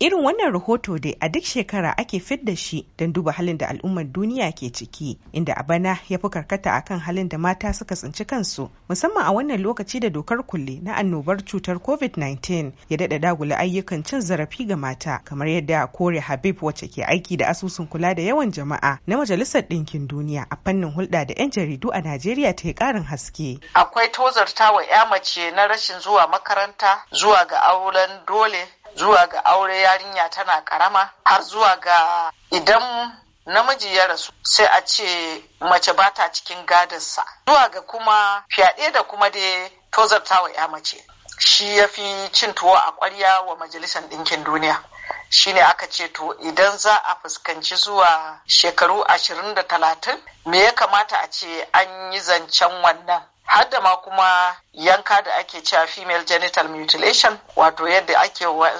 Irin wannan rahoto dai a duk shekara ake fid da shi don duba halin da al'ummar duniya ke ciki, inda a bana ya fi karkata a kan halin da mata suka tsinci kansu, musamman a wannan lokaci da dokar kulle na annobar cutar COVID-19 ya daɗa dagula ayyukan cin zarafi ga mata, kamar yadda Kore Habib wacce ke aiki da asusun kula da yawan jama'a na Majalisar Ɗinkin Duniya a fannin hulɗa da 'yan jaridu a Najeriya ta yi ƙarin haske. Akwai tozarta wa 'ya mace na rashin zuwa makaranta, zuwa ga auren dole, zuwa ga aure yarinya tana karama har zuwa ga idan namiji ya rasu sai a ce mace ba ta cikin gadansa zuwa ga kuma fyaɗe da kuma dai tozarta wa ya mace shi ya fi cin tuwo a ƙwarya wa majalisar ɗinkin duniya shine aka ce to idan za a fuskanci zuwa shekaru ashirin da talatin me ya kamata a ce an yi zancen wannan hadda ma kuma yanka da ake cewa female genital mutilation wato yadda ake wa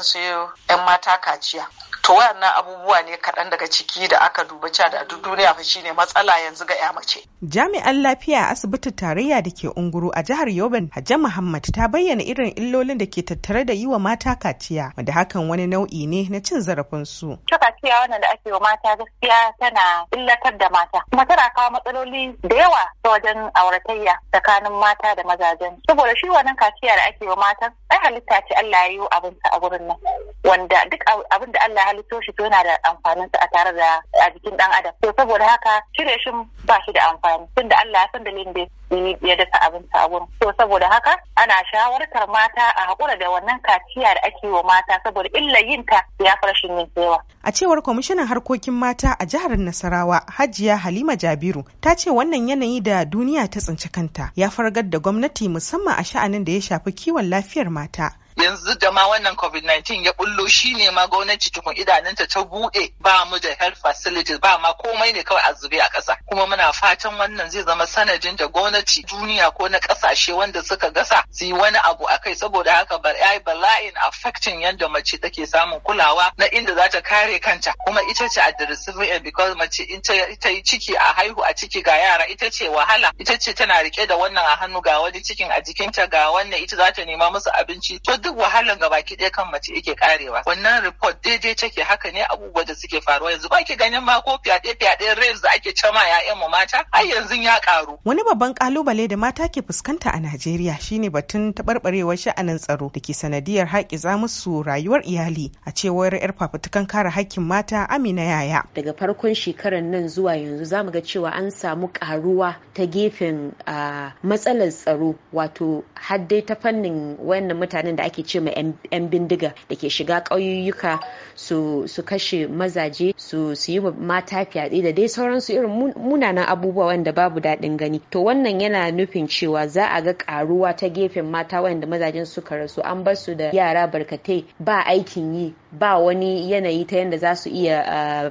'yan mata kaciya to abubuwa ne kaɗan daga ciki da aka duba cewa da duk duniya fa shine matsala yanzu ga ya mace jami'an lafiya a asibitin tarayya da ke unguru a jihar yoben hajja muhammad ta bayyana irin illolin da ke tattare da yi wa mata kaciya wanda hakan wani nau'i ne na cin zarafin su ta kaciya wannan da ake wa mata gaskiya tana illatar da mata kuma tana kawo matsaloli da yawa ta wajen auratayya tsakanin mata da mazajen saboda shi wannan kaciya da ake wa mata ai halitta ce Allah ya yi abinta a gurin nan wanda duk abin da Allah shi to yana da amfanin a tare da a jikin dan adam to saboda haka cire shi ba shi da amfani tunda Allah ya san dalilin da ya dasa abinci a wurin to saboda haka ana shawartar mata a hakura da wannan kaciya da ake wa mata saboda illa yin ta ya fi rashin yin yawa a cewar kwamishinan harkokin mata a jihar Nasarawa Hajiya Halima Jabiru ta ce wannan yanayi da duniya ta tsinci kanta ya fargar da gwamnati musamman a sha'anin da ya shafi kiwon lafiyar mata yanzu da ma wannan covid-19 ya bullo shi ne ma gwamnati tukun idanunta ta bude ba mu da health facilities ba ma komai ne kawai a zube a ƙasa kuma muna fatan wannan zai zama sanadin da gwamnati duniya ko na ƙasashe wanda suka gasa su yi wani abu a kai saboda haka bar ai bala'in affecting yadda mace take samun kulawa na inda za ta kare kanta kuma ita ce a the receiving because mace ita yi ciki a haihu a ciki ga yara ita ce wahala ita ce tana rike da wannan a hannu ga wani cikin a jikinta ga wannan ita za ta nema musu abinci to duk wahalar ga baki ɗaya kan mace yake karewa wannan report daidai take haka ne abubuwa da suke faruwa yanzu ba ganin ma ko fyaɗe fyaɗe rapes da ake cama ya'yan mu mata har yanzu ya karu wani babban kalubale da mata ke fuskanta a Najeriya shine batun taɓarɓarewar sha'anin tsaro da ke sanadiyar haƙiza musu rayuwar iyali a cewar yar fafutukan kare hakkin mata Amina Yaya daga farkon shekarar nan zuwa yanzu zamu ga cewa an samu ƙaruwa ta gefen ah, matsalar tsaro wato haddai ta fannin wayannan mutanen da ake ce ma 'yan bindiga da ke shiga ƙauyuka su kashe mazaje su yi mata fyaɗe da dai sauransu irin munanan abubuwa wanda babu daɗin gani to wannan yana nufin cewa za a ga ƙaruwa ta gefen mata wanda mazajen suka rasu an bar su da yara barkatai ba aikin yi ba wani yanayi ta yadda za su iya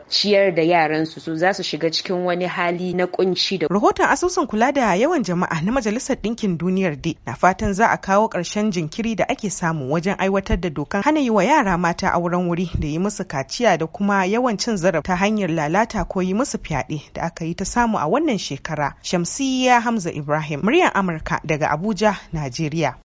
ciyar da yaran su za su shiga cikin wani hali na kunci da rahoton asusun kula da yawan jama'a na majalisar ɗinkin duniyar dai na fatan za a kawo ƙarshen jinkiri da ake samu samu wajen aiwatar da dokan hana yi wa yara mata auren wuri da yi musu kaciya da kuma yawan cin zarafi ta hanyar lalata ko yi musu fyaɗe da aka yi ta samu a wannan shekara. Shamsiyya Hamza Ibrahim, muryar Amurka daga Abuja, Najeriya.